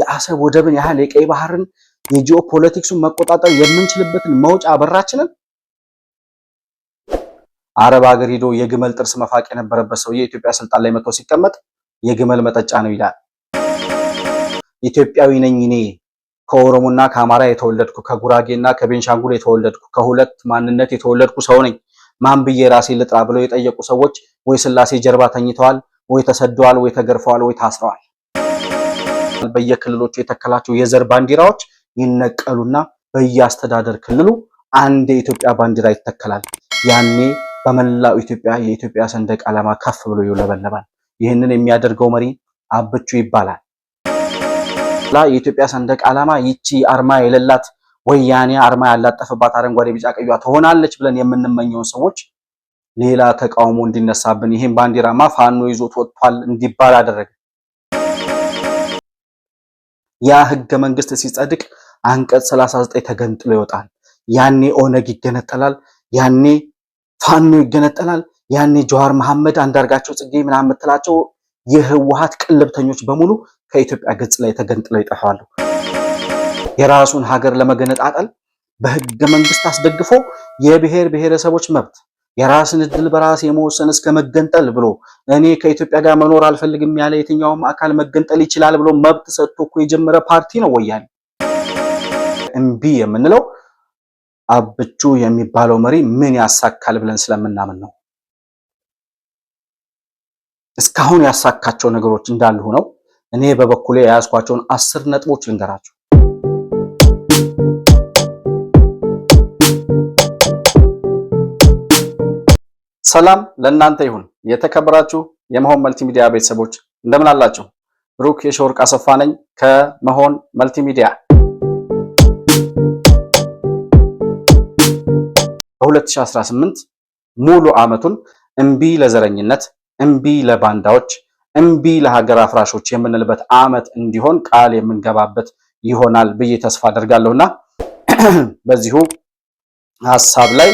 የአሰብ ወደብን ያህል የቀይ ባህርን የጂኦ ፖለቲክሱን መቆጣጠር የምንችልበትን መውጫ በራችንን አረብ ሀገር ሂዶ የግመል ጥርስ መፋቅ የነበረበት ሰው የኢትዮጵያ ስልጣን ላይ መጥቶ ሲቀመጥ የግመል መጠጫ ነው ይላል። ኢትዮጵያዊ ነኝ እኔ ከኦሮሞና ከአማራ የተወለድኩ ከጉራጌና ከቤንሻንጉል የተወለድኩ ከሁለት ማንነት የተወለድኩ ሰው ነኝ። ማን ብዬ ራሴ ልጥራ ብለው የጠየቁ ሰዎች ወይ ስላሴ ጀርባ ተኝተዋል፣ ወይ ተሰደዋል፣ ወይ ተገርፈዋል፣ ወይ ታስረዋል። በየክልሎቹ የተከላቸው የዘር ባንዲራዎች ይነቀሉና በየአስተዳደር ክልሉ አንድ የኢትዮጵያ ባንዲራ ይተከላል። ያኔ በመላው ኢትዮጵያ የኢትዮጵያ ሰንደቅ ዓላማ ከፍ ብሎ ይውለበለባል። ይህንን የሚያደርገው መሪ አብቹ ይባላል። የኢትዮጵያ ሰንደቅ ዓላማ ይቺ አርማ የሌላት ወያኔ አርማ ያላጠፈባት አረንጓዴ፣ ቢጫ፣ ቀይዋ ትሆናለች ብለን የምንመኘውን ሰዎች ሌላ ተቃውሞ እንዲነሳብን ይህም ባንዲራማ ፋኖ ይዞት ወጥቷል እንዲባል አደረገ። ያ ህገ መንግስት ሲጸድቅ አንቀጽ 39 ተገንጥሎ ይወጣል። ያኔ ኦነግ ይገነጠላል። ያኔ ፋኖ ይገነጠላል። ያኔ ጀዋር መሐመድ፣ አንዳርጋቸው ጽጌ ምናምን የምትላቸው የህወሓት ቅልብተኞች በሙሉ ከኢትዮጵያ ገጽ ላይ ተገንጥለው ይጠፋሉ። የራሱን ሀገር ለመገነጣጠል በህገ መንግስት አስደግፎ የብሔር ብሔረሰቦች መብት የራስን እድል በራስ የመወሰን እስከ መገንጠል ብሎ እኔ ከኢትዮጵያ ጋር መኖር አልፈልግም ያለ የትኛውም አካል መገንጠል ይችላል ብሎ መብት ሰጥቶ እኮ የጀመረ ፓርቲ ነው ወያኔ። እምቢ የምንለው አብቹ የሚባለው መሪ ምን ያሳካል ብለን ስለምናምን ነው። እስካሁን ያሳካቸው ነገሮች እንዳሉ ሆነው እኔ በበኩሌ የያዝኳቸውን አስር ነጥቦች ልንገራቸው። ሰላም ለእናንተ ይሁን። የተከበራችሁ የመሆን መልቲሚዲያ ቤተሰቦች እንደምን አላችሁ? ብሩክ የሸወርቅ አሰፋ ነኝ ከመሆን መልቲሚዲያ። በ2018 ሙሉ ዓመቱን እምቢ ለዘረኝነት፣ እምቢ ለባንዳዎች፣ እምቢ ለሀገር አፍራሾች የምንልበት ዓመት እንዲሆን ቃል የምንገባበት ይሆናል ብዬ ተስፋ አደርጋለሁና በዚሁ ሀሳብ ላይ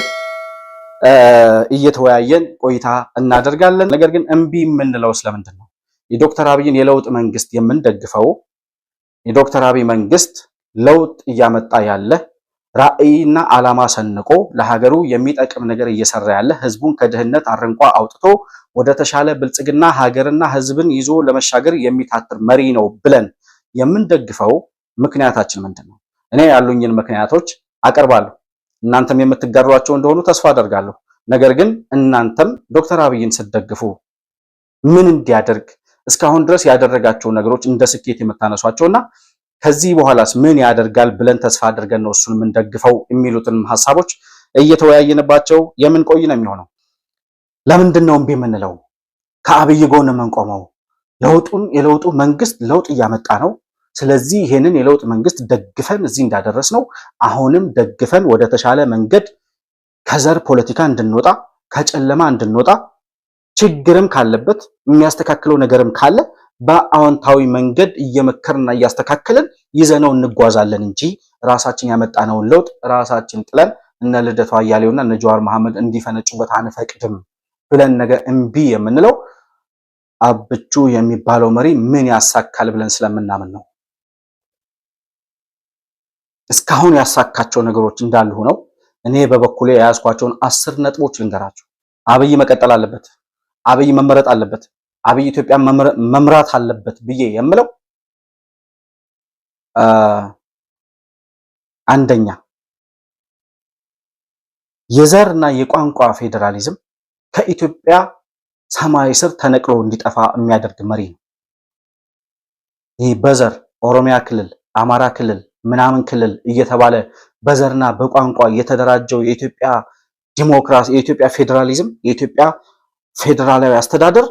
እየተወያየን ቆይታ እናደርጋለን። ነገር ግን እምቢ የምንለው ስለምንድን ነው? የዶክተር አብይን የለውጥ መንግስት የምንደግፈው የዶክተር አብይ መንግስት ለውጥ እያመጣ ያለ ራዕይና ዓላማ ሰንቆ ለሀገሩ የሚጠቅም ነገር እየሰራ ያለ ህዝቡን ከድህነት አረንቋ አውጥቶ ወደ ተሻለ ብልጽግና ሀገርና ህዝብን ይዞ ለመሻገር የሚታትር መሪ ነው ብለን የምንደግፈው ምክንያታችን ምንድን ነው? እኔ ያሉኝን ምክንያቶች አቀርባለሁ። እናንተም የምትጋሯቸው እንደሆኑ ተስፋ አደርጋለሁ። ነገር ግን እናንተም ዶክተር አብይን ስትደግፉ ምን እንዲያደርግ እስካሁን ድረስ ያደረጋቸው ነገሮች እንደ ስኬት የምታነሷቸውና ከዚህ በኋላስ ምን ያደርጋል ብለን ተስፋ አድርገን ነው እሱን የምንደግፈው የሚሉትንም ሀሳቦች እየተወያየንባቸው የምንቆይ ነው የሚሆነው። ለምንድን ነው እምቢ የምንለው? ከአብይ ጎን የምንቆመው ለውጡን የለውጡ መንግስት ለውጥ እያመጣ ነው ስለዚህ ይሄንን የለውጥ መንግስት ደግፈን እዚህ እንዳደረስ ነው አሁንም ደግፈን ወደ ተሻለ መንገድ ከዘር ፖለቲካ እንድንወጣ ከጨለማ እንድንወጣ ችግርም ካለበት የሚያስተካክለው ነገርም ካለ በአዎንታዊ መንገድ እየመከርና እያስተካከልን ይዘነው እንጓዛለን እንጂ ራሳችን ያመጣነውን ለውጥ ራሳችን ጥለን እነ ልደቱ አያሌውና እነ ጀዋር መሐመድ እንዲፈነጩበት አንፈቅድም ብለን ነገ እምቢ የምንለው አብቹ የሚባለው መሪ ምን ያሳካል ብለን ስለምናምን ነው። እስካሁን ያሳካቸው ነገሮች እንዳሉ ሆነው እኔ በበኩሌ የያዝኳቸውን አስር ነጥቦች ልንገራቸው። አብይ መቀጠል አለበት፣ አብይ መመረጥ አለበት፣ አብይ ኢትዮጵያ መምራት አለበት ብዬ የምለው አንደኛ የዘር እና የቋንቋ ፌዴራሊዝም ከኢትዮጵያ ሰማይ ስር ተነቅሎ እንዲጠፋ የሚያደርግ መሪ ነው። ይህ በዘር ኦሮሚያ ክልል፣ አማራ ክልል ምናምን ክልል እየተባለ በዘርና በቋንቋ የተደራጀው የኢትዮጵያ ዲሞክራሲ፣ የኢትዮጵያ ፌዴራሊዝም፣ የኢትዮጵያ ፌዴራላዊ አስተዳደር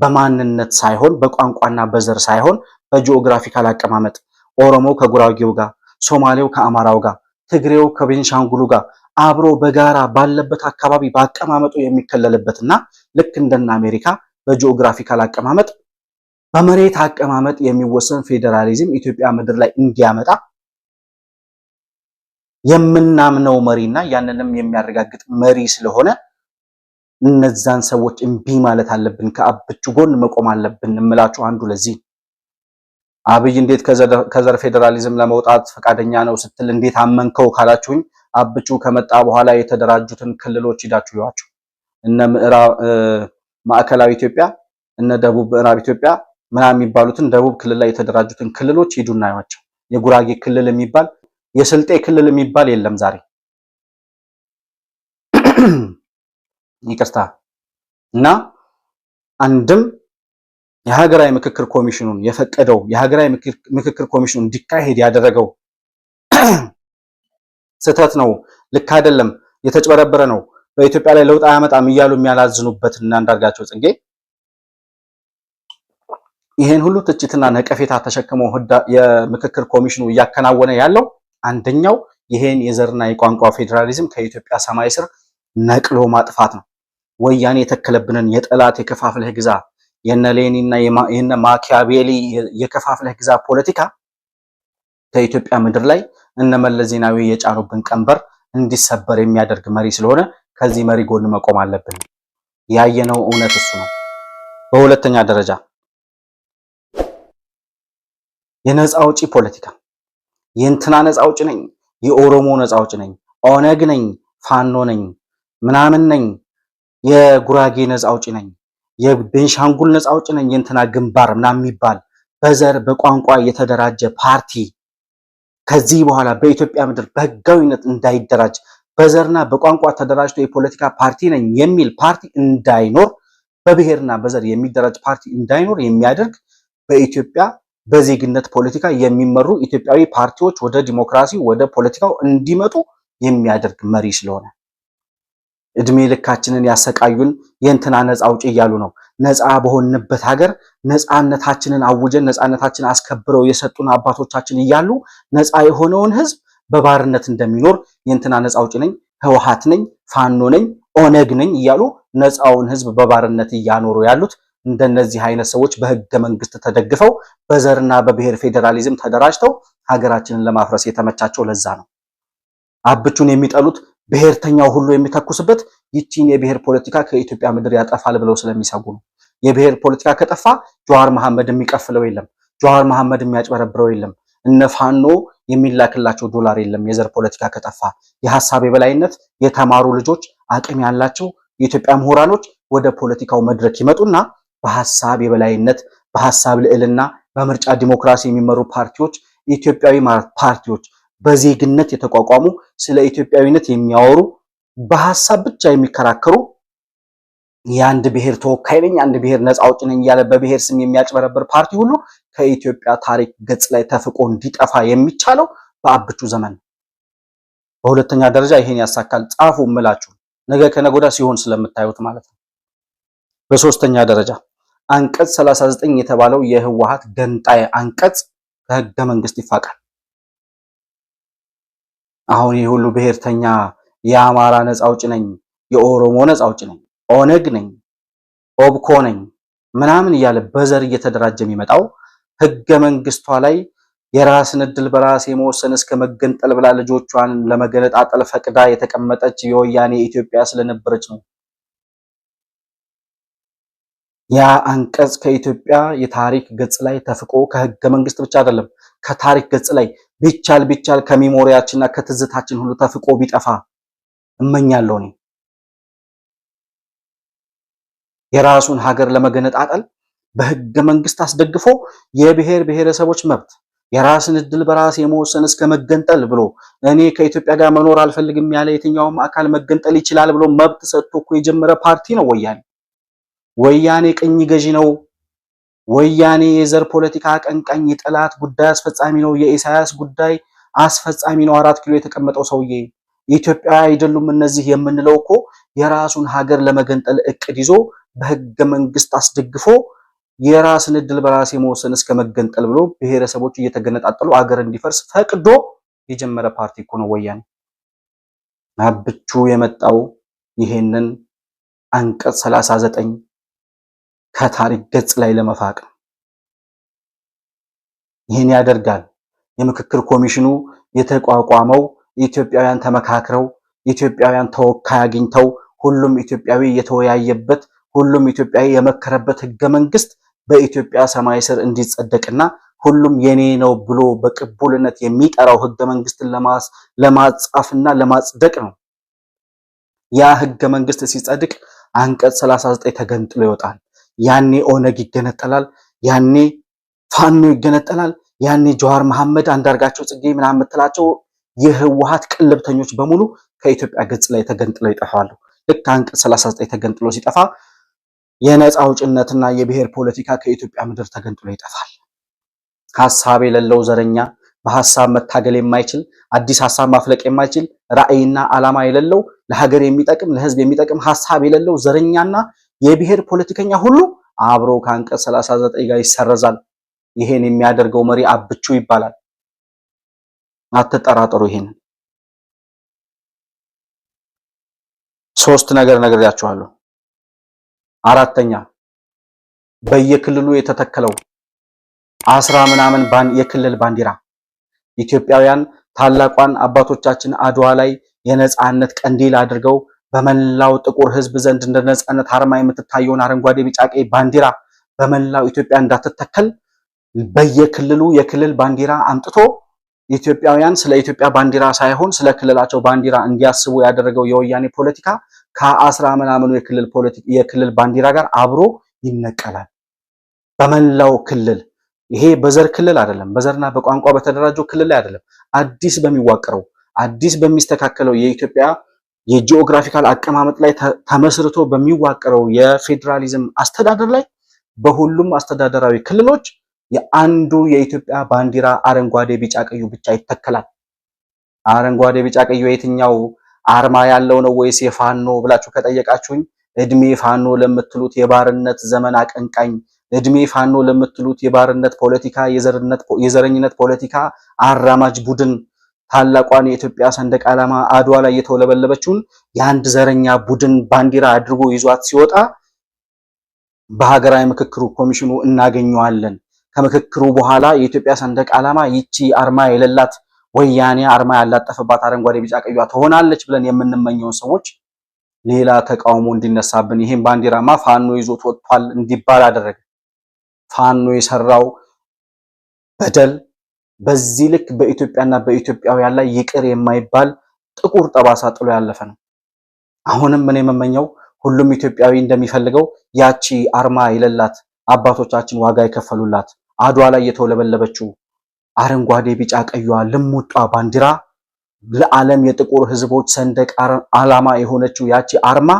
በማንነት ሳይሆን በቋንቋና በዘር ሳይሆን በጂኦግራፊካል አቀማመጥ ኦሮሞው ከጉራጌው ጋር፣ ሶማሌው ከአማራው ጋር፣ ትግሬው ከቤንሻንጉሉ ጋር አብሮ በጋራ ባለበት አካባቢ በአቀማመጡ የሚከለልበትና ልክ እንደና አሜሪካ በጂኦግራፊካል አቀማመጥ በመሬት አቀማመጥ የሚወሰን ፌዴራሊዝም ኢትዮጵያ ምድር ላይ እንዲያመጣ የምናምነው መሪና ያንንም የሚያረጋግጥ መሪ ስለሆነ እነዛን ሰዎች እምቢ ማለት አለብን፣ ከአብቹ ጎን መቆም አለብን እምላችሁ አንዱ ለዚህ አብይ እንዴት ከዘር ፌዴራሊዝም ለመውጣት ፈቃደኛ ነው ስትል እንዴት አመንከው ካላችሁኝ፣ አብቹ ከመጣ በኋላ የተደራጁትን ክልሎች ሂዳችሁ ይዋችሁ። እነ ማዕከላዊ ኢትዮጵያ፣ እነ ደቡብ ምዕራብ ኢትዮጵያ ምናምን የሚባሉትን ደቡብ ክልል ላይ የተደራጁትን ክልሎች ሂዱና ይዋቸው። የጉራጌ ክልል የሚባል የስልጤ ክልል የሚባል የለም ዛሬ። ይቅርታ እና አንድም የሀገራዊ ምክክር ኮሚሽኑን የፈቀደው የሀገራዊ ምክክር ኮሚሽኑ እንዲካሄድ ያደረገው ስህተት ነው፣ ልክ አይደለም፣ የተጭበረበረ ነው፣ በኢትዮጵያ ላይ ለውጥ አያመጣም እያሉ የሚያላዝኑበት እና አንዳርጋቸው ጽጌ ይህን ሁሉ ትችትና ነቀፌታ ተሸክሞ የምክክር ኮሚሽኑ እያከናወነ ያለው አንደኛው ይሄን የዘርና የቋንቋ ፌዴራሊዝም ከኢትዮጵያ ሰማይ ስር ነቅሎ ማጥፋት ነው። ወያኔ የተከለብንን የጠላት የከፋፍለህ ግዛ የነ ሌኒና የነ ማኪያቬሊ የከፋፍለህ ግዛ ፖለቲካ ከኢትዮጵያ ምድር ላይ እነ መለስ ዜናዊ የጫኑብን ቀንበር እንዲሰበር የሚያደርግ መሪ ስለሆነ ከዚህ መሪ ጎን መቆም አለብን። ያየነው እውነት እሱ ነው። በሁለተኛ ደረጃ የነፃ አውጪ ፖለቲካ የእንትና ነፃ አውጭ ነኝ፣ የኦሮሞ ነፃ አውጭ ነኝ፣ ኦነግ ነኝ፣ ፋኖ ነኝ፣ ምናምን ነኝ፣ የጉራጌ ነፃ አውጭ ነኝ፣ የቤንሻንጉል ነፃ አውጭ ነኝ፣ የእንትና ግንባር ምናምን የሚባል በዘር በቋንቋ የተደራጀ ፓርቲ ከዚህ በኋላ በኢትዮጵያ ምድር በህጋዊነት እንዳይደራጅ በዘርና በቋንቋ ተደራጅቶ የፖለቲካ ፓርቲ ነኝ የሚል ፓርቲ እንዳይኖር በብሔርና በዘር የሚደራጅ ፓርቲ እንዳይኖር የሚያደርግ በኢትዮጵያ በዜግነት ፖለቲካ የሚመሩ ኢትዮጵያዊ ፓርቲዎች ወደ ዲሞክራሲ ወደ ፖለቲካው እንዲመጡ የሚያደርግ መሪ ስለሆነ እድሜ ልካችንን ያሰቃዩን የእንትና ነፃ አውጪ እያሉ ነው። ነፃ በሆንበት ሀገር ነፃነታችንን አውጀን ነፃነታችንን አስከብረው የሰጡን አባቶቻችን እያሉ ነፃ የሆነውን ህዝብ በባርነት እንደሚኖር የእንትና ነፃ አውጪ ነኝ፣ ህወሓት ነኝ፣ ፋኖ ነኝ፣ ኦነግ ነኝ እያሉ ነፃውን ህዝብ በባርነት እያኖሩ ያሉት እንደነዚህ አይነት ሰዎች በህገ መንግስት ተደግፈው በዘርና በብሔር ፌዴራሊዝም ተደራጅተው ሀገራችንን ለማፍረስ የተመቻቸው ለዛ ነው። አብቹን የሚጠሉት ብሔርተኛው ሁሉ የሚተኩስበት ይቺን የብሔር ፖለቲካ ከኢትዮጵያ ምድር ያጠፋል ብለው ስለሚሰጉ ነው። የብሔር ፖለቲካ ከጠፋ ጀዋር መሐመድ የሚቀፍለው የለም፣ ጀዋር መሐመድ የሚያጭበረብረው የለም፣ እነ ፋኖ የሚላክላቸው ዶላር የለም። የዘር ፖለቲካ ከጠፋ የሀሳብ የበላይነት የተማሩ ልጆች አቅም ያላቸው የኢትዮጵያ ምሁራኖች ወደ ፖለቲካው መድረክ ይመጡና በሀሳብ የበላይነት በሀሳብ ልዕልና በምርጫ ዲሞክራሲ የሚመሩ ፓርቲዎች ኢትዮጵያዊ ፓርቲዎች በዜግነት የተቋቋሙ ስለ ኢትዮጵያዊነት የሚያወሩ በሀሳብ ብቻ የሚከራከሩ የአንድ ብሔር ተወካይ ነኝ፣ አንድ ብሔር ነፃ ነኝ እያለ በብሔር ስም የሚያጭበረብር ፓርቲ ሁሉ ከኢትዮጵያ ታሪክ ገጽ ላይ ተፍቆ እንዲጠፋ የሚቻለው በአብቹ ዘመን በሁለተኛ ደረጃ ይሄን ያሳካል ጻፉ እምላችሁ ነገ ከነጎዳ ሲሆን ስለምታዩት ማለት ነው። በሶስተኛ ደረጃ አንቀጽ 39 የተባለው የህወሓት ገንጣይ አንቀጽ ከህገ መንግስት ይፋቃል። አሁን ይህ ሁሉ ብሔርተኛ የአማራ ነጻ አውጭ ነኝ፣ የኦሮሞ ነጻ አውጭ ነኝ፣ ኦነግ ነኝ፣ ኦብኮ ነኝ ምናምን እያለ በዘር እየተደራጀ የሚመጣው ህገ መንግስቷ ላይ የራስን እድል በራስ የመወሰን እስከ መገንጠል ብላ ልጆቿን ለመገነጣጠል ፈቅዳ የተቀመጠች የወያኔ ኢትዮጵያ ስለነበረች ነው። ያ አንቀጽ ከኢትዮጵያ የታሪክ ገጽ ላይ ተፍቆ ከህገ መንግስት ብቻ አይደለም ከታሪክ ገጽ ላይ ቢቻል ቢቻል ከሚሞሪያችንና ከትዝታችን ሁሉ ተፍቆ ቢጠፋ እመኛለሁ። እኔ የራሱን ሀገር ለመገነጣጠል በህገ መንግስት አስደግፎ የብሔር ብሔረሰቦች መብት የራስን እድል በራስ የመወሰን እስከ መገንጠል ብሎ እኔ ከኢትዮጵያ ጋር መኖር አልፈልግም ያለ የትኛውም አካል መገንጠል ይችላል ብሎ መብት ሰጥቶ እኮ የጀመረ ፓርቲ ነው ወያኔ። ወያኔ ቅኝ ገዢ ነው። ወያኔ የዘር ፖለቲካ አቀንቃኝ፣ የጠላት ጉዳይ አስፈጻሚ ነው። የኢሳያስ ጉዳይ አስፈጻሚ ነው። አራት ኪሎ የተቀመጠው ሰውዬ ኢትዮጵያ አይደሉም እነዚህ የምንለው እኮ የራሱን ሀገር ለመገንጠል እቅድ ይዞ በህገ መንግስት አስደግፎ የራስን እድል በራስ የመወሰን እስከ መገንጠል ብሎ ብሔረሰቦች እየተገነጣጠሉ አገር እንዲፈርስ ፈቅዶ የጀመረ ፓርቲ እኮ ነው ወያኔ። ናብቹ የመጣው ይሄንን አንቀጽ 39 ከታሪክ ገጽ ላይ ለመፋቅ ይህን ያደርጋል። የምክክር ኮሚሽኑ የተቋቋመው ኢትዮጵያውያን ተመካክረው ኢትዮጵያውያን ተወካይ አግኝተው ሁሉም ኢትዮጵያዊ የተወያየበት ሁሉም ኢትዮጵያዊ የመከረበት ህገ መንግስት በኢትዮጵያ ሰማይ ስር እንዲጸደቅና ሁሉም የኔ ነው ብሎ በቅቡልነት የሚጠራው ህገ መንግስትን ለማጻፍና ለማጽደቅ ነው። ያ ህገ መንግስት ሲጸድቅ አንቀጽ 39 ተገንጥሎ ይወጣል። ያኔ ኦነግ ይገነጠላል፣ ያኔ ፋኖ ይገነጠላል፣ ያኔ ጀዋር መሐመድ፣ አንዳርጋቸው ጽጌ ምናምን የምትላቸው የህወሀት ቅልብተኞች በሙሉ ከኢትዮጵያ ገጽ ላይ ተገንጥለው ይጠፋሉ። ልክ አንቀጽ 39 ተገንጥሎ ሲጠፋ የነፃ አውጭነትና የብሔር ፖለቲካ ከኢትዮጵያ ምድር ተገንጥሎ ይጠፋል። ሀሳብ የሌለው ዘረኛ፣ በሀሳብ መታገል የማይችል አዲስ ሀሳብ ማፍለቅ የማይችል ራዕይና ዓላማ የሌለው ለሀገር የሚጠቅም ለህዝብ የሚጠቅም ሀሳብ የሌለው ዘረኛና የብሔር ፖለቲከኛ ሁሉ አብሮ ከአንቀጽ 39 ጋር ይሰረዛል። ይሄን የሚያደርገው መሪ አብቹ ይባላል። አትጠራጠሩ። ይሄንን ሶስት ነገር ነግሬያችኋለሁ። አራተኛ በየክልሉ የተተከለው አስራ ምናምን የክልል ባንዲራ ኢትዮጵያውያን ታላቋን አባቶቻችን አድዋ ላይ የነጻነት ቀንዲል አድርገው በመላው ጥቁር ህዝብ ዘንድ እንደ ነጻነት አርማ የምትታየውን አረንጓዴ፣ ቢጫ፣ ቀይ ባንዲራ በመላው ኢትዮጵያ እንዳትተከል በየክልሉ የክልል ባንዲራ አምጥቶ ኢትዮጵያውያን ስለ ኢትዮጵያ ባንዲራ ሳይሆን ስለ ክልላቸው ባንዲራ እንዲያስቡ ያደረገው የወያኔ ፖለቲካ ከአስራ ምናምኑ የክልል ባንዲራ ጋር አብሮ ይነቀላል። በመላው ክልል ይሄ በዘር ክልል አይደለም፣ በዘርና በቋንቋ በተደራጀው ክልል ላይ አይደለም። አዲስ በሚዋቀረው አዲስ በሚስተካከለው የኢትዮጵያ የጂኦግራፊካል አቀማመጥ ላይ ተመስርቶ በሚዋቀረው የፌዴራሊዝም አስተዳደር ላይ በሁሉም አስተዳደራዊ ክልሎች የአንዱ የኢትዮጵያ ባንዲራ አረንጓዴ፣ ቢጫ፣ ቀዩ ብቻ ይተከላል። አረንጓዴ፣ ቢጫ፣ ቀዩ የትኛው አርማ ያለው ነው ወይስ የፋኖ ብላችሁ ከጠየቃችሁኝ እድሜ ፋኖ ለምትሉት የባርነት ዘመን አቀንቃኝ እድሜ ፋኖ ለምትሉት የባርነት ፖለቲካ፣ የዘረኝነት ፖለቲካ አራማጅ ቡድን ታላቋን የኢትዮጵያ ሰንደቅ ዓላማ አድዋ ላይ የተውለበለበችውን የአንድ ዘረኛ ቡድን ባንዲራ አድርጎ ይዟት ሲወጣ በሀገራዊ ምክክሩ ኮሚሽኑ እናገኘዋለን። ከምክክሩ በኋላ የኢትዮጵያ ሰንደቅ ዓላማ ይቺ አርማ የሌላት ወያኔ አርማ ያላጠፈባት አረንጓዴ፣ ቢጫ፣ ቀይዋ ትሆናለች ብለን የምንመኘውን ሰዎች ሌላ ተቃውሞ እንዲነሳብን ይሄን ባንዲራማ ፋኖ ይዞት ወጥቷል እንዲባል አደረገ። ፋኖ የሰራው በደል በዚህ ልክ በኢትዮጵያና በኢትዮጵያውያን ላይ ይቅር የማይባል ጥቁር ጠባሳ ጥሎ ያለፈ ነው። አሁንም ምን የምመኘው ሁሉም ኢትዮጵያዊ እንደሚፈልገው ያቺ አርማ የሌላት አባቶቻችን ዋጋ የከፈሉላት አድዋ ላይ የተውለበለበችው አረንጓዴ፣ ቢጫ፣ ቀዩዋ ልሙጧ ባንዲራ ለዓለም የጥቁር ሕዝቦች ሰንደቅ ዓላማ የሆነችው ያቺ አርማ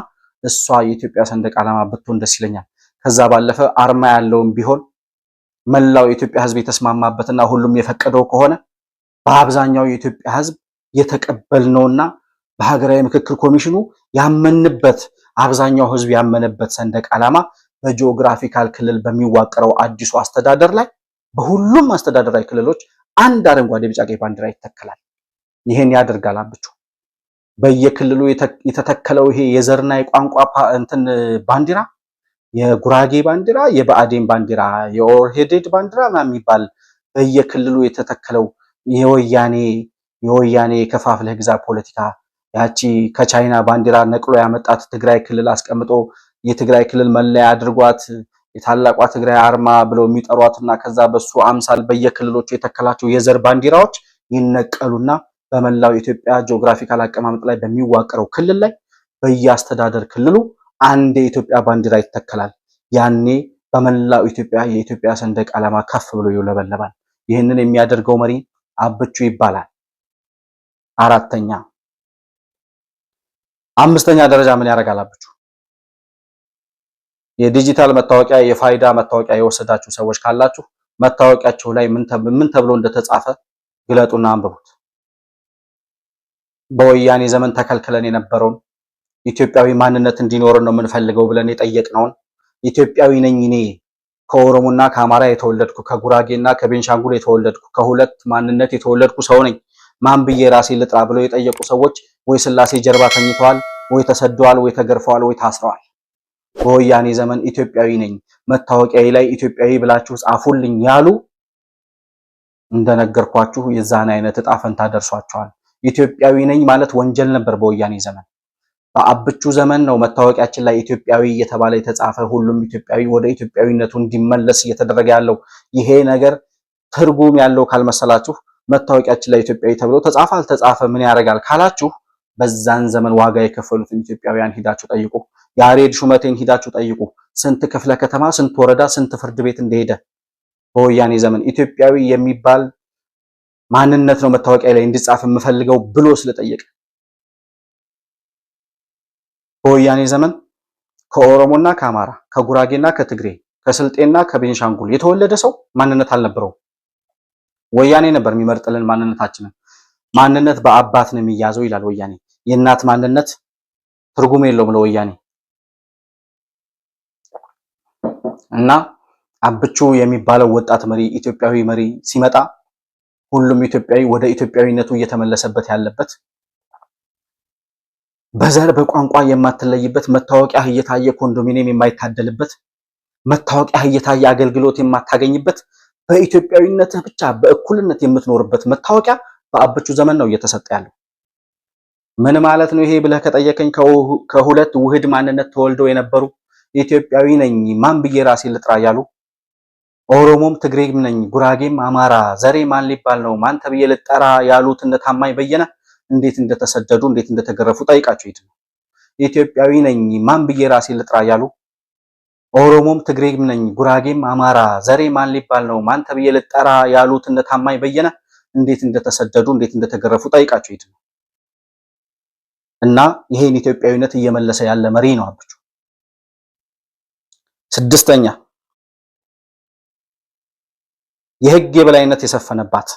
እሷ የኢትዮጵያ ሰንደቅ ዓላማ ብትሆን ደስ ይለኛል። ከዛ ባለፈ አርማ ያለውም ቢሆን መላው የኢትዮጵያ ሕዝብ የተስማማበትና ሁሉም የፈቀደው ከሆነ በአብዛኛው የኢትዮጵያ ሕዝብ የተቀበልነውና በሀገራዊ ምክክር ኮሚሽኑ ያመንበት አብዛኛው ሕዝብ ያመነበት ሰንደቅ ዓላማ በጂኦግራፊካል ክልል በሚዋቀረው አዲሱ አስተዳደር ላይ በሁሉም አስተዳደራዊ ክልሎች አንድ አረንጓዴ ቢጫ ቀይ ባንዲራ ይተከላል። ይሄን ያደርጋል አብቹ። በየክልሉ የተተከለው ይሄ የዘርና የቋንቋ እንትን ባንዲራ የጉራጌ ባንዲራ፣ የብአዴን ባንዲራ፣ የኦርሄዴድ ባንዲራ ና የሚባል በየክልሉ የተተከለው የወያኔ የወያኔ የከፋፍለህ ግዛ ፖለቲካ ያቺ ከቻይና ባንዲራ ነቅሎ ያመጣት ትግራይ ክልል አስቀምጦ የትግራይ ክልል መለያ አድርጓት የታላቋ ትግራይ አርማ ብለው የሚጠሯትና ከዛ በሱ አምሳል በየክልሎቹ የተከላቸው የዘር ባንዲራዎች ይነቀሉና በመላው ኢትዮጵያ ጂኦግራፊካል አቀማመጥ ላይ በሚዋቀረው ክልል ላይ በየአስተዳደር ክልሉ አንድ የኢትዮጵያ ባንዲራ ይተከላል። ያኔ በመላው ኢትዮጵያ የኢትዮጵያ ሰንደቅ ዓላማ ከፍ ብሎ ይውለበለባል። ይህንን የሚያደርገው መሪ አብቹ ይባላል። አራተኛ አምስተኛ ደረጃ ምን ያደርጋል አብቹ? የዲጂታል መታወቂያ የፋይዳ መታወቂያ የወሰዳችሁ ሰዎች ካላችሁ መታወቂያችሁ ላይ ምን ተብሎ እንደተጻፈ ግለጡና አንብቡት። በወያኔ ዘመን ተከልክለን የነበረውን ኢትዮጵያዊ ማንነት እንዲኖረን ነው የምንፈልገው ብለን የጠየቅነውን ኢትዮጵያዊ ነኝ እኔ ከኦሮሞና ከአማራ የተወለድኩ ከጉራጌና ከቤንሻንጉል የተወለድኩ ከሁለት ማንነት የተወለድኩ ሰው ነኝ ማን ብዬ ራሴ ልጥራ ብለው የጠየቁ ሰዎች ወይ ስላሴ ጀርባ ተኝተዋል፣ ወይ ተሰደዋል፣ ወይ ተገርፈዋል፣ ወይ ታስረዋል። በወያኔ ዘመን ኢትዮጵያዊ ነኝ መታወቂያዬ ላይ ኢትዮጵያዊ ብላችሁ ጻፉልኝ ያሉ እንደነገርኳችሁ የዛን አይነት እጣ ፈንታ ደርሷቸዋል። ኢትዮጵያዊ ነኝ ማለት ወንጀል ነበር በወያኔ ዘመን። በአብቹ ዘመን ነው መታወቂያችን ላይ ኢትዮጵያዊ እየተባለ የተጻፈ ሁሉም ኢትዮጵያዊ ወደ ኢትዮጵያዊነቱ እንዲመለስ እየተደረገ ያለው። ይሄ ነገር ትርጉም ያለው ካልመሰላችሁ መታወቂያችን ላይ ኢትዮጵያዊ ተብሎ ተጻፈ አልተጻፈ ምን ያደርጋል ካላችሁ በዛን ዘመን ዋጋ የከፈሉትን ኢትዮጵያውያን ሂዳችሁ ጠይቁ። ያሬድ ሹመቴን ሂዳችሁ ጠይቁ። ስንት ክፍለ ከተማ፣ ስንት ወረዳ፣ ስንት ፍርድ ቤት እንደሄደ በወያኔ ዘመን ኢትዮጵያዊ የሚባል ማንነት ነው መታወቂያ ላይ እንዲጻፍ የምፈልገው ብሎ ስለጠየቀ በወያኔ ዘመን ከኦሮሞና ከአማራ ከጉራጌና ከትግሬ ከስልጤና ከቤንሻንጉል የተወለደ ሰው ማንነት አልነበረው። ወያኔ ነበር የሚመርጥልን ማንነታችንን። ማንነት በአባት ነው የሚያዘው ይላል ወያኔ። የእናት ማንነት ትርጉም የለውም ለወያኔ። እና አብቹ የሚባለው ወጣት መሪ ኢትዮጵያዊ መሪ ሲመጣ ሁሉም ኢትዮጵያዊ ወደ ኢትዮጵያዊነቱ እየተመለሰበት ያለበት በዘር በቋንቋ የማትለይበት መታወቂያ እየታየ ኮንዶሚኒየም የማይታደልበት መታወቂያ እየታየ አገልግሎት የማታገኝበት በኢትዮጵያዊነትህ ብቻ በእኩልነት የምትኖርበት መታወቂያ በአብቹ ዘመን ነው እየተሰጠ ያለው። ምን ማለት ነው ይሄ ብለህ ከጠየቀኝ ከሁለት ውህድ ማንነት ተወልደው የነበሩ ኢትዮጵያዊ ነኝ ማን ብዬ ራሴ ልጥራ ያሉ ኦሮሞም ትግሬም ነኝ ጉራጌም አማራ ዘሬ ማን ሊባል ነው ማን ተብዬ ልጠራ ያሉት እነ ታማኝ በየነ እንዴት እንደተሰደዱ እንዴት እንደተገረፉ ጠይቃቸው ሂድ ነው። ኢትዮጵያዊ ነኝ ማን ብዬ ራሴ ልጥራ ያሉ ኦሮሞም ትግሬም ነኝ ጉራጌም አማራ ዘሬ ማን ሊባል ነው ማን ተብዬ ልጠራ ያሉት እነ ታማኝ በየነ እንዴት እንደተሰደዱ እንዴት እንደተገረፉ ጠይቃቸው ሂድ ነው። እና ይሄን ኢትዮጵያዊነት እየመለሰ ያለ መሪ ነው አብቹ። ስድስተኛ የህግ የበላይነት የሰፈነባት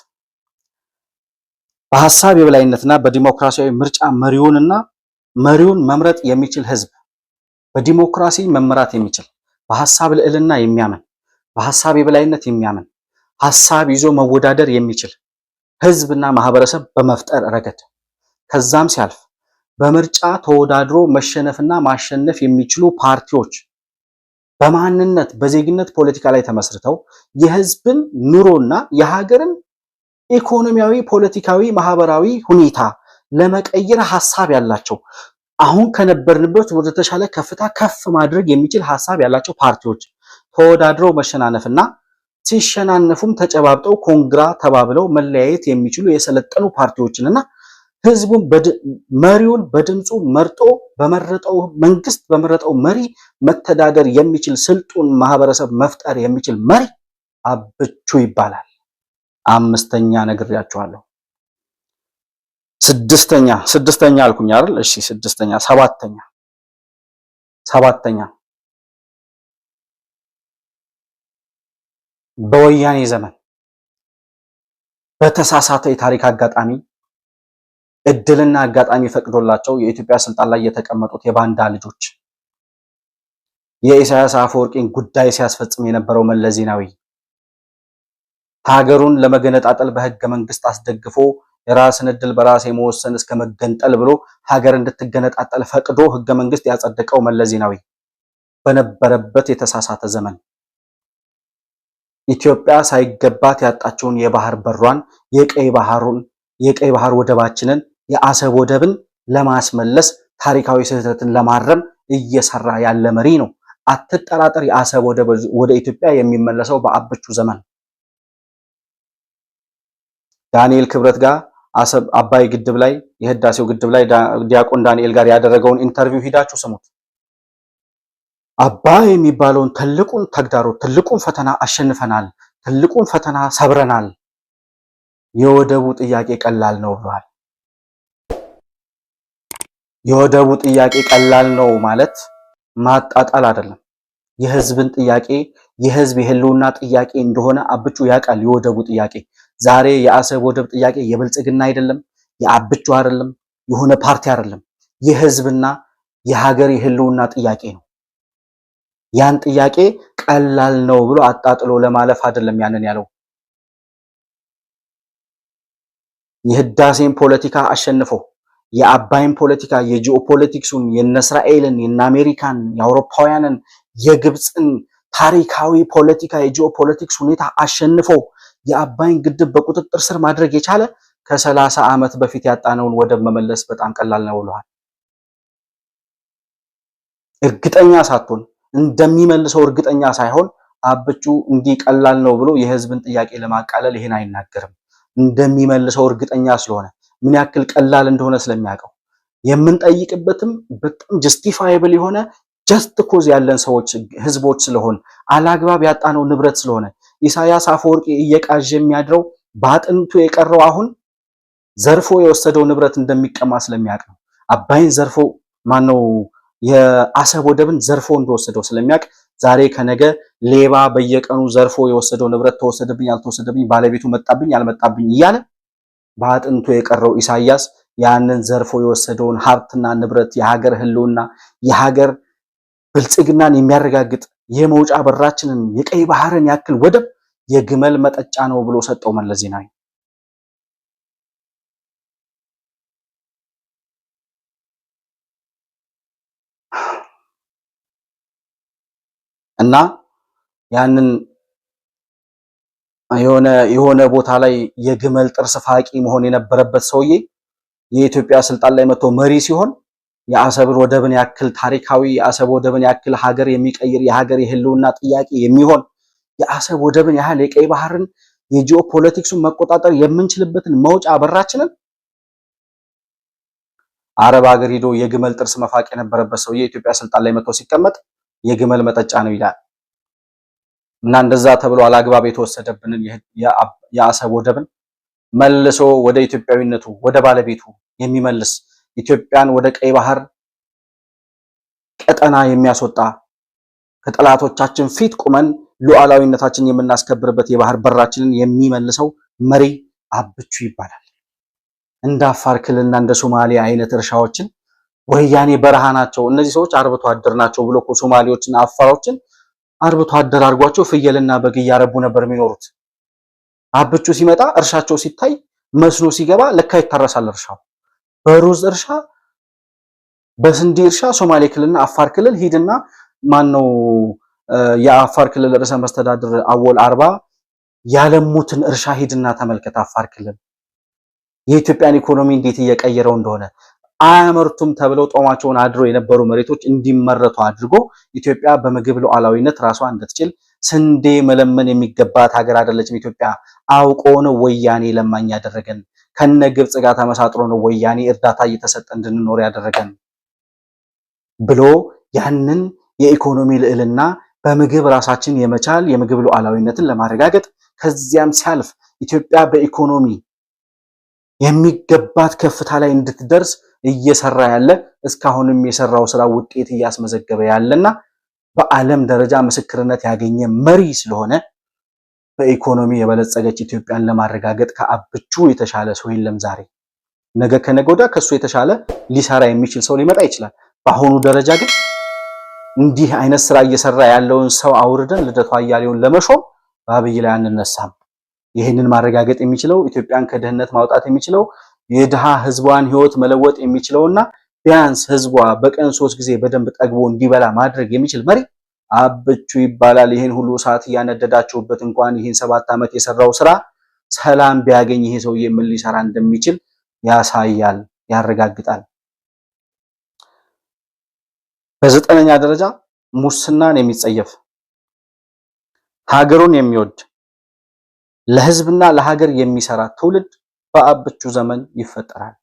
በሀሳብ የበላይነትና በዲሞክራሲያዊ ምርጫ መሪውንና መሪውን መምረጥ የሚችል ህዝብ በዲሞክራሲ መመራት የሚችል በሀሳብ ልዕልና የሚያምን በሀሳብ የበላይነት የሚያምን ሀሳብ ይዞ መወዳደር የሚችል ህዝብና ማህበረሰብ በመፍጠር ረገድ ከዛም ሲያልፍ በምርጫ ተወዳድሮ መሸነፍና ማሸነፍ የሚችሉ ፓርቲዎች በማንነት በዜግነት ፖለቲካ ላይ ተመስርተው የህዝብን ኑሮና የሀገርን ኢኮኖሚያዊ፣ ፖለቲካዊ፣ ማህበራዊ ሁኔታ ለመቀየር ሀሳብ ያላቸው አሁን ከነበርንበት ወደ ተሻለ ከፍታ ከፍ ማድረግ የሚችል ሀሳብ ያላቸው ፓርቲዎች ተወዳድረው መሸናነፍና ሲሸናነፉም ተጨባብጠው ኮንግራ ተባብለው መለያየት የሚችሉ የሰለጠኑ ፓርቲዎችንና ህዝቡን መሪውን በድምፁ መርጦ በመረጠው መንግስት በመረጠው መሪ መተዳደር የሚችል ስልጡን ማህበረሰብ መፍጠር የሚችል መሪ አብቹ ይባላል። አምስተኛ ነግሬያችኋለሁ። ስድስተኛ ስድስተኛ አልኩኝ አይደል? እሺ ስድስተኛ ሰባተኛ ሰባተኛ በወያኔ ዘመን በተሳሳተ የታሪክ አጋጣሚ እድልና አጋጣሚ ፈቅዶላቸው የኢትዮጵያ ስልጣን ላይ የተቀመጡት የባንዳ ልጆች የኢሳያስ አፈወርቂን ጉዳይ ሲያስፈጽም የነበረው መለስ ዜናዊ ሀገሩን ለመገነጣጠል በህገ መንግስት አስደግፎ የራስን እድል በራስ የመወሰን እስከ መገንጠል ብሎ ሀገር እንድትገነጣጠል ፈቅዶ ህገ መንግስት ያጸደቀው መለስ ዜናዊ በነበረበት የተሳሳተ ዘመን ኢትዮጵያ ሳይገባት ያጣችውን የባህር በሯን የቀይ ባህሩን የቀይ ባህር ወደባችንን የአሰብ ወደብን ለማስመለስ ታሪካዊ ስህተትን ለማረም እየሰራ ያለ መሪ ነው። አትጠራጠር፣ የአሰብ ወደብ ወደ ኢትዮጵያ የሚመለሰው በአብቹ ዘመን ዳንኤል ክብረት ጋር አሰብ አባይ ግድብ ላይ የህዳሴው ግድብ ላይ ዲያቆን ዳንኤል ጋር ያደረገውን ኢንተርቪው ሂዳችሁ ስሙት። አባይ የሚባለውን ትልቁን ተግዳሮት ትልቁን ፈተና አሸንፈናል፣ ትልቁን ፈተና ሰብረናል፣ የወደቡ ጥያቄ ቀላል ነው ብሏል። የወደቡ ጥያቄ ቀላል ነው ማለት ማጣጣል አይደለም። የህዝብን ጥያቄ የህዝብ የህልውና ጥያቄ እንደሆነ አብጩ ያውቃል። የወደቡ ጥያቄ ዛሬ የአሰብ ወደብ ጥያቄ የብልጽግና አይደለም፣ የአብቹ አይደለም፣ የሆነ ፓርቲ አይደለም። የህዝብና የሀገር የህልውና ጥያቄ ነው። ያን ጥያቄ ቀላል ነው ብሎ አጣጥሎ ለማለፍ አይደለም ያንን ያለው። የህዳሴን ፖለቲካ አሸንፎ የአባይን ፖለቲካ የጂኦፖለቲክሱን የነ እስራኤልን የነ አሜሪካን የአውሮፓውያንን የግብፅን ታሪካዊ ፖለቲካ የጂኦፖለቲክስ ሁኔታ አሸንፎ የአባይን ግድብ በቁጥጥር ስር ማድረግ የቻለ ከሰላሳ ዓመት በፊት ያጣነውን ወደብ መመለስ በጣም ቀላል ነው ብለዋል። እርግጠኛ ሳትሆን እንደሚመልሰው እርግጠኛ ሳይሆን አብቹ እንዲህ ቀላል ነው ብሎ የህዝብን ጥያቄ ለማቃለል ይሄን አይናገርም። እንደሚመልሰው እርግጠኛ ስለሆነ ምን ያክል ቀላል እንደሆነ ስለሚያውቀው የምንጠይቅበትም በጣም ጀስቲፋየብል የሆነ ጀስት ኮዝ ያለን ሰዎች ህዝቦች ስለሆን አላግባብ ያጣነው ንብረት ስለሆነ ኢሳያስ አፈወርቂ እየቃዥ የሚያድረው በአጥንቱ የቀረው አሁን ዘርፎ የወሰደው ንብረት እንደሚቀማ ስለሚያውቅ ነው። አባይን ዘርፎ ማነው የአሰብ ወደብን ዘርፎ እንደወሰደው ስለሚያውቅ ዛሬ ከነገ ሌባ በየቀኑ ዘርፎ የወሰደው ንብረት ተወሰደብኝ፣ አልተወሰደብኝ፣ ባለቤቱ መጣብኝ፣ አልመጣብኝ እያለ በአጥንቱ የቀረው ኢሳያስ ያንን ዘርፎ የወሰደውን ሀብትና ንብረት የሀገር ህልውና የሀገር ብልጽግናን የሚያረጋግጥ የመውጫ በራችንን የቀይ ባህርን ያክል ወደብ የግመል መጠጫ ነው ብሎ ሰጠው መለስ ዜናዊ። እና ያንን የሆነ የሆነ ቦታ ላይ የግመል ጥርስ ፋቂ መሆን የነበረበት ሰውዬ የኢትዮጵያ ስልጣን ላይ መጥቶ መሪ ሲሆን የአሰብን ወደብን ያክል ታሪካዊ የአሰብ ወደብን ያክል ሀገር የሚቀይር የሀገር የህልውና ጥያቄ የሚሆን የአሰብ ወደብን ያህል የቀይ ባህርን የጂኦፖለቲክሱን መቆጣጠር የምንችልበትን መውጫ በራችንን አረብ ሀገር ሂዶ የግመል ጥርስ መፋቅ የነበረበት ሰውዬ የኢትዮጵያ ስልጣን ላይ መጥቶ ሲቀመጥ የግመል መጠጫ ነው ይላል እና እንደዛ ተብሎ አላግባብ የተወሰደብንን የአሰብ ወደብን መልሶ ወደ ኢትዮጵያዊነቱ ወደ ባለቤቱ የሚመልስ ኢትዮጵያን ወደ ቀይ ባህር ቀጠና የሚያስወጣ ከጠላቶቻችን ፊት ቁመን ሉዓላዊነታችን የምናስከብርበት የባህር በራችንን የሚመልሰው መሪ አብቹ ይባላል። እንደ አፋር ክልልና እንደ ሶማሊያ አይነት እርሻዎችን ወያኔ በረሃ ናቸው እነዚህ ሰዎች አርብቶ አደር ናቸው ብሎ እኮ ሶማሌዎችና አፋሮችን አርብቶ አደር አድርጓቸው ፍየልና በግ እያረቡ ነበር የሚኖሩት። አብቹ ሲመጣ እርሻቸው ሲታይ መስኖ ሲገባ ለካ ይታረሳል እርሻው። በሩዝ እርሻ፣ በስንዴ እርሻ ሶማሌ ክልልና አፋር ክልል ሂድና ማን ነው የአፋር ክልል ርዕሰ መስተዳድር አወል አርባ ያለሙትን እርሻ ሂድና ተመልከት። አፋር ክልል የኢትዮጵያን ኢኮኖሚ እንዴት እየቀየረው እንደሆነ አያመርቱም ተብለው ጦማቸውን አድሮ የነበሩ መሬቶች እንዲመረቱ አድርጎ ኢትዮጵያ በምግብ ሉዓላዊነት ራሷ እንድትችል ስንዴ መለመን የሚገባት ሀገር አይደለችም ኢትዮጵያ። አውቆ ነው ወያኔ ለማኝ ያደረገን። ከነ ግብጽ ጋር ተመሳጥሮ ነው ወያኔ እርዳታ እየተሰጠ እንድንኖር ያደረገን ብሎ ያንን የኢኮኖሚ ልዕልና በምግብ ራሳችን የመቻል የምግብ ሉዓላዊነትን ለማረጋገጥ ከዚያም ሲያልፍ ኢትዮጵያ በኢኮኖሚ የሚገባት ከፍታ ላይ እንድትደርስ እየሰራ ያለ እስካሁንም የሰራው ስራ ውጤት እያስመዘገበ ያለና በዓለም ደረጃ ምስክርነት ያገኘ መሪ ስለሆነ በኢኮኖሚ የበለጸገች ኢትዮጵያን ለማረጋገጥ ከአብቹ የተሻለ ሰው የለም። ዛሬ ነገ ከነገ ወዲያ ከሱ የተሻለ ሊሰራ የሚችል ሰው ሊመጣ ይችላል። በአሁኑ ደረጃ ግን እንዲህ አይነት ስራ እየሰራ ያለውን ሰው አውርደን ልደቱ አያሌውን ለመሾም በአብይ ላይ አንነሳም። ይህንን ማረጋገጥ የሚችለው ኢትዮጵያን ከድህነት ማውጣት የሚችለው የድሃ ህዝቧን ህይወት መለወጥ የሚችለውና ቢያንስ ህዝቧ በቀን ሶስት ጊዜ በደንብ ጠግቦ እንዲበላ ማድረግ የሚችል መሪ አብቹ ይባላል። ይህን ሁሉ ሰዓት እያነደዳችሁበት እንኳን ይህን ሰባት ዓመት የሰራው ስራ ሰላም ቢያገኝ ይሄ ሰውዬ ምን ሊሰራ እንደሚችል ያሳያል፣ ያረጋግጣል። በዘጠነኛ ደረጃ ሙስናን የሚጸየፍ ሀገሩን የሚወድ ለህዝብና ለሀገር የሚሰራ ትውልድ በአብቹ ዘመን ይፈጠራል።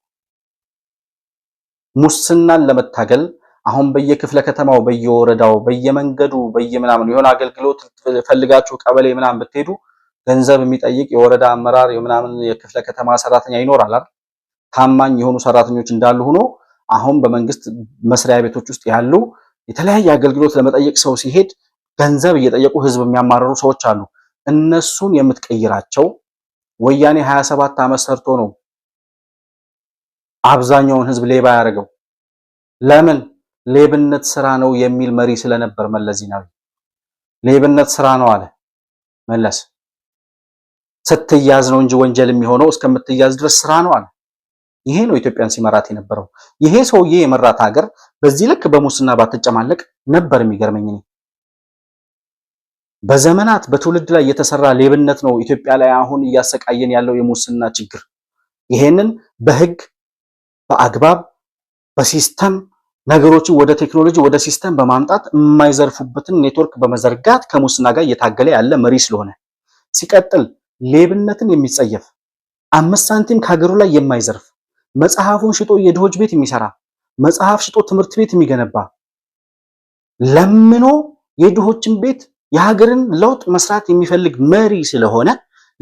ሙስናን ለመታገል አሁን በየክፍለ ከተማው በየወረዳው በየመንገዱ በየምናምን የሆነ አገልግሎት ፈልጋችሁ ቀበሌ ምናምን ብትሄዱ ገንዘብ የሚጠይቅ የወረዳ አመራር የምናምን የክፍለ ከተማ ሰራተኛ ይኖራል አይደል? ታማኝ የሆኑ ሰራተኞች እንዳሉ ሆኖ አሁን በመንግስት መስሪያ ቤቶች ውስጥ ያሉ የተለያየ አገልግሎት ለመጠየቅ ሰው ሲሄድ ገንዘብ እየጠየቁ ህዝብ የሚያማርሩ ሰዎች አሉ። እነሱን የምትቀይራቸው ወያኔ 27 ዓመት ሰርቶ ነው አብዛኛውን ህዝብ ሌባ ያደርገው? ለምን? ሌብነት ስራ ነው የሚል መሪ ስለነበር መለስ ዜናዊ ሌብነት ስራ ነው አለ መለስ። ስትያዝ ነው እንጂ ወንጀል የሚሆነው እስከምትያዝ ድረስ ስራ ነው አለ። ይሄ ነው ኢትዮጵያን ሲመራት የነበረው። ይሄ ሰውዬ የመራት ሀገር በዚህ ልክ በሙስና ባትጨማለቅ ነበር። የሚገርመኝ ነው በዘመናት በትውልድ ላይ የተሰራ ሌብነት ነው ኢትዮጵያ ላይ አሁን እያሰቃየን ያለው የሙስና ችግር። ይሄንን በህግ በአግባብ በሲስተም ነገሮችን ወደ ቴክኖሎጂ ወደ ሲስተም በማምጣት የማይዘርፉበትን ኔትወርክ በመዘርጋት ከሙስና ጋር እየታገለ ያለ መሪ ስለሆነ፣ ሲቀጥል ሌብነትን የሚጸየፍ አምስት ሳንቲም ከሀገሩ ላይ የማይዘርፍ መጽሐፉን ሽጦ የድሆች ቤት የሚሰራ መጽሐፍ ሽጦ ትምህርት ቤት የሚገነባ ለምኖ የድሆችን ቤት የሀገርን ለውጥ መስራት የሚፈልግ መሪ ስለሆነ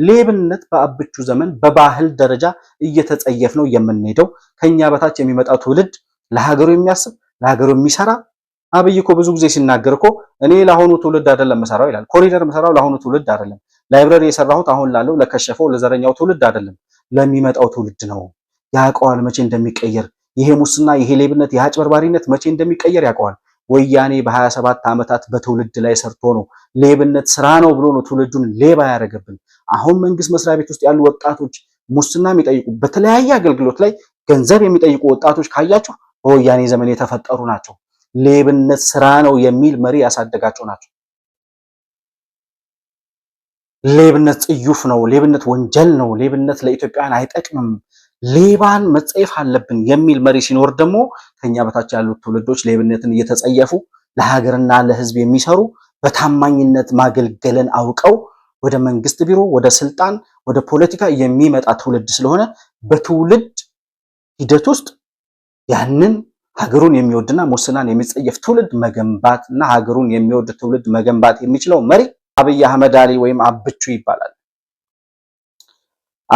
ሌብነት በአብቹ ዘመን በባህል ደረጃ እየተጸየፍ ነው የምንሄደው። ከኛ በታች የሚመጣው ትውልድ ለሀገሩ የሚያስብ ለሀገሩ የሚሰራ አብይ እኮ ብዙ ጊዜ ሲናገር እኮ እኔ ለአሁኑ ትውልድ አይደለም መሰራው ይላል። ኮሪደር መሰራው ለአሁኑ ትውልድ አይደለም። ላይብረሪ የሰራሁት አሁን ላለው ለከሸፈው ለዘረኛው ትውልድ አይደለም፣ ለሚመጣው ትውልድ ነው። ያውቀዋል መቼ እንደሚቀየር ይሄ ሙስና፣ ይሄ ሌብነት፣ ይሄ አጭበርባሪነት መቼ እንደሚቀየር ያውቀዋል። ወያኔ በ27 ዓመታት በትውልድ ላይ ሰርቶ ነው ሌብነት ስራ ነው ብሎ ነው ትውልዱን ሌባ ያደረገብን። አሁን መንግስት መስሪያ ቤት ውስጥ ያሉ ወጣቶች ሙስና የሚጠይቁ በተለያየ አገልግሎት ላይ ገንዘብ የሚጠይቁ ወጣቶች ካያችሁ በወያኔ ዘመን የተፈጠሩ ናቸው። ሌብነት ስራ ነው የሚል መሪ ያሳደጋቸው ናቸው። ሌብነት ጽዩፍ ነው፣ ሌብነት ወንጀል ነው፣ ሌብነት ለኢትዮጵያውያን አይጠቅምም፣ ሌባን መጸየፍ አለብን የሚል መሪ ሲኖር ደግሞ ከኛ በታች ያሉት ትውልዶች ሌብነትን እየተጸየፉ ለሀገርና ለሕዝብ የሚሰሩ በታማኝነት ማገልገልን አውቀው ወደ መንግስት ቢሮ፣ ወደ ስልጣን፣ ወደ ፖለቲካ የሚመጣ ትውልድ ስለሆነ በትውልድ ሂደት ውስጥ ያንን ሀገሩን የሚወድና ሙስናን የሚጸየፍ ትውልድ መገንባት እና ሀገሩን የሚወድ ትውልድ መገንባት የሚችለው መሪ አብይ አህመድ አሊ ወይም አብቹ ይባላል።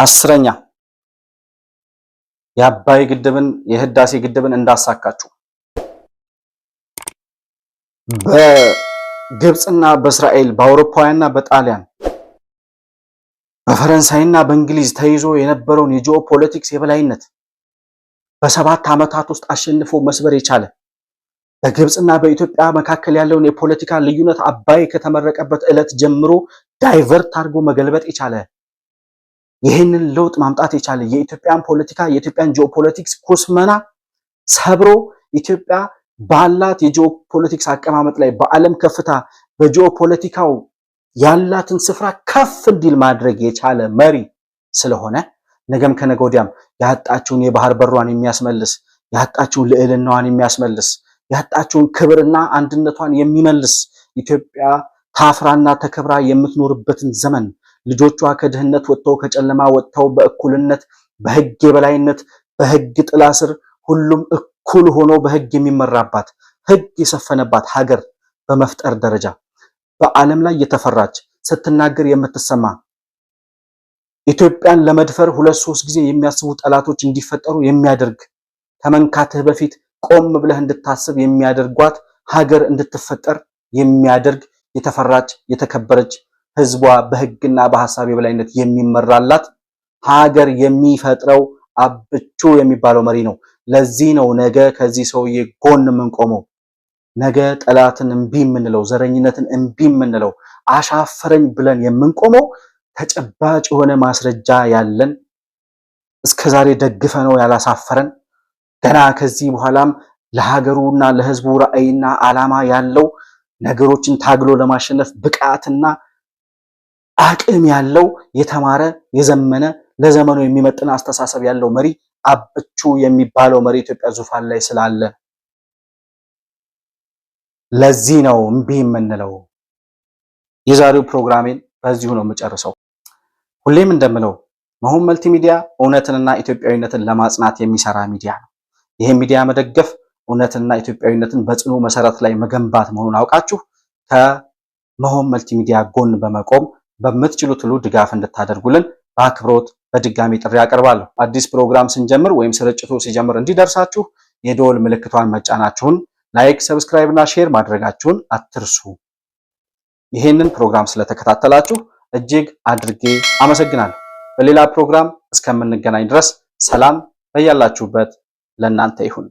አስረኛ የአባይ ግድብን የህዳሴ ግድብን እንዳሳካችሁ በግብፅና በእስራኤል በአውሮፓውያንና በጣሊያን በፈረንሳይና በእንግሊዝ ተይዞ የነበረውን የጂኦፖለቲክስ የበላይነት በሰባት ዓመታት ውስጥ አሸንፎ መስበር የቻለ በግብፅና በኢትዮጵያ መካከል ያለውን የፖለቲካ ልዩነት አባይ ከተመረቀበት ዕለት ጀምሮ ዳይቨርት አድርጎ መገልበጥ የቻለ ይህንን ለውጥ ማምጣት የቻለ የኢትዮጵያን ፖለቲካ የኢትዮጵያን ጂኦፖለቲክስ ኮስመና ሰብሮ ኢትዮጵያ ባላት የጂኦፖለቲክስ አቀማመጥ ላይ በዓለም ከፍታ በጂኦፖለቲካው ያላትን ስፍራ ከፍ እንዲል ማድረግ የቻለ መሪ ስለሆነ ነገም ከነገ ወዲያም ያጣችውን የባህር በሯን የሚያስመልስ ያጣችውን ልዕልናዋን የሚያስመልስ ያጣችውን ክብርና አንድነቷን የሚመልስ ኢትዮጵያ ታፍራና ተከብራ የምትኖርበትን ዘመን ልጆቿ ከድህነት ወጥተው ከጨለማ ወጥተው በእኩልነት በህግ የበላይነት በህግ ጥላ ስር ሁሉም እኩል ሆኖ በህግ የሚመራባት ህግ የሰፈነባት ሀገር በመፍጠር ደረጃ በዓለም ላይ የተፈራች ስትናገር የምትሰማ ኢትዮጵያን ለመድፈር ሁለት ሶስት ጊዜ የሚያስቡ ጠላቶች እንዲፈጠሩ የሚያደርግ ከመንካትህ በፊት ቆም ብለህ እንድታስብ የሚያደርጓት ሀገር እንድትፈጠር የሚያደርግ የተፈራች የተከበረች ህዝቧ በህግና በሀሳብ የበላይነት የሚመራላት ሀገር የሚፈጥረው አብቹ የሚባለው መሪ ነው። ለዚህ ነው ነገ ከዚህ ሰውዬ ጎን የምንቆመው። ነገ ጠላትን እምቢ የምንለው፣ ዘረኝነትን እምቢ የምንለው፣ አሻፈረኝ ብለን የምንቆመው ተጨባጭ የሆነ ማስረጃ ያለን እስከዛሬ ደግፈ ነው ያላሳፈረን ገና ከዚህ በኋላም ለሀገሩና ለህዝቡ ራዕይና ዓላማ ያለው ነገሮችን ታግሎ ለማሸነፍ ብቃትና አቅም ያለው የተማረ የዘመነ ለዘመኑ የሚመጥን አስተሳሰብ ያለው መሪ አብቹ የሚባለው መሪ ኢትዮጵያ ዙፋን ላይ ስላለ ለዚህ ነው እምቢ የምንለው። የዛሬው ፕሮግራሜን በዚሁ ነው የምጨርሰው። ሁሌም እንደምለው መሆን መልቲ ሚዲያ እውነትንና ኢትዮጵያዊነትን ለማጽናት የሚሰራ ሚዲያ ነው። ይህ ሚዲያ መደገፍ እውነትንና ኢትዮጵያዊነትን በጽኑ መሰረት ላይ መገንባት መሆኑን አውቃችሁ ከመሆን መልቲ ሚዲያ ጎን በመቆም በምትችሉት ሁሉ ድጋፍ እንድታደርጉልን በአክብሮት በድጋሚ ጥሪ አቀርባለሁ። አዲስ ፕሮግራም ስንጀምር ወይም ስርጭቱ ሲጀምር እንዲደርሳችሁ የደወል ምልክቷን መጫናችሁን፣ ላይክ፣ ሰብስክራይብ እና ሼር ማድረጋችሁን አትርሱ። ይህንን ፕሮግራም ስለተከታተላችሁ እጅግ አድርጌ አመሰግናለሁ። በሌላ ፕሮግራም እስከምንገናኝ ድረስ ሰላም በያላችሁበት ለእናንተ ይሁን።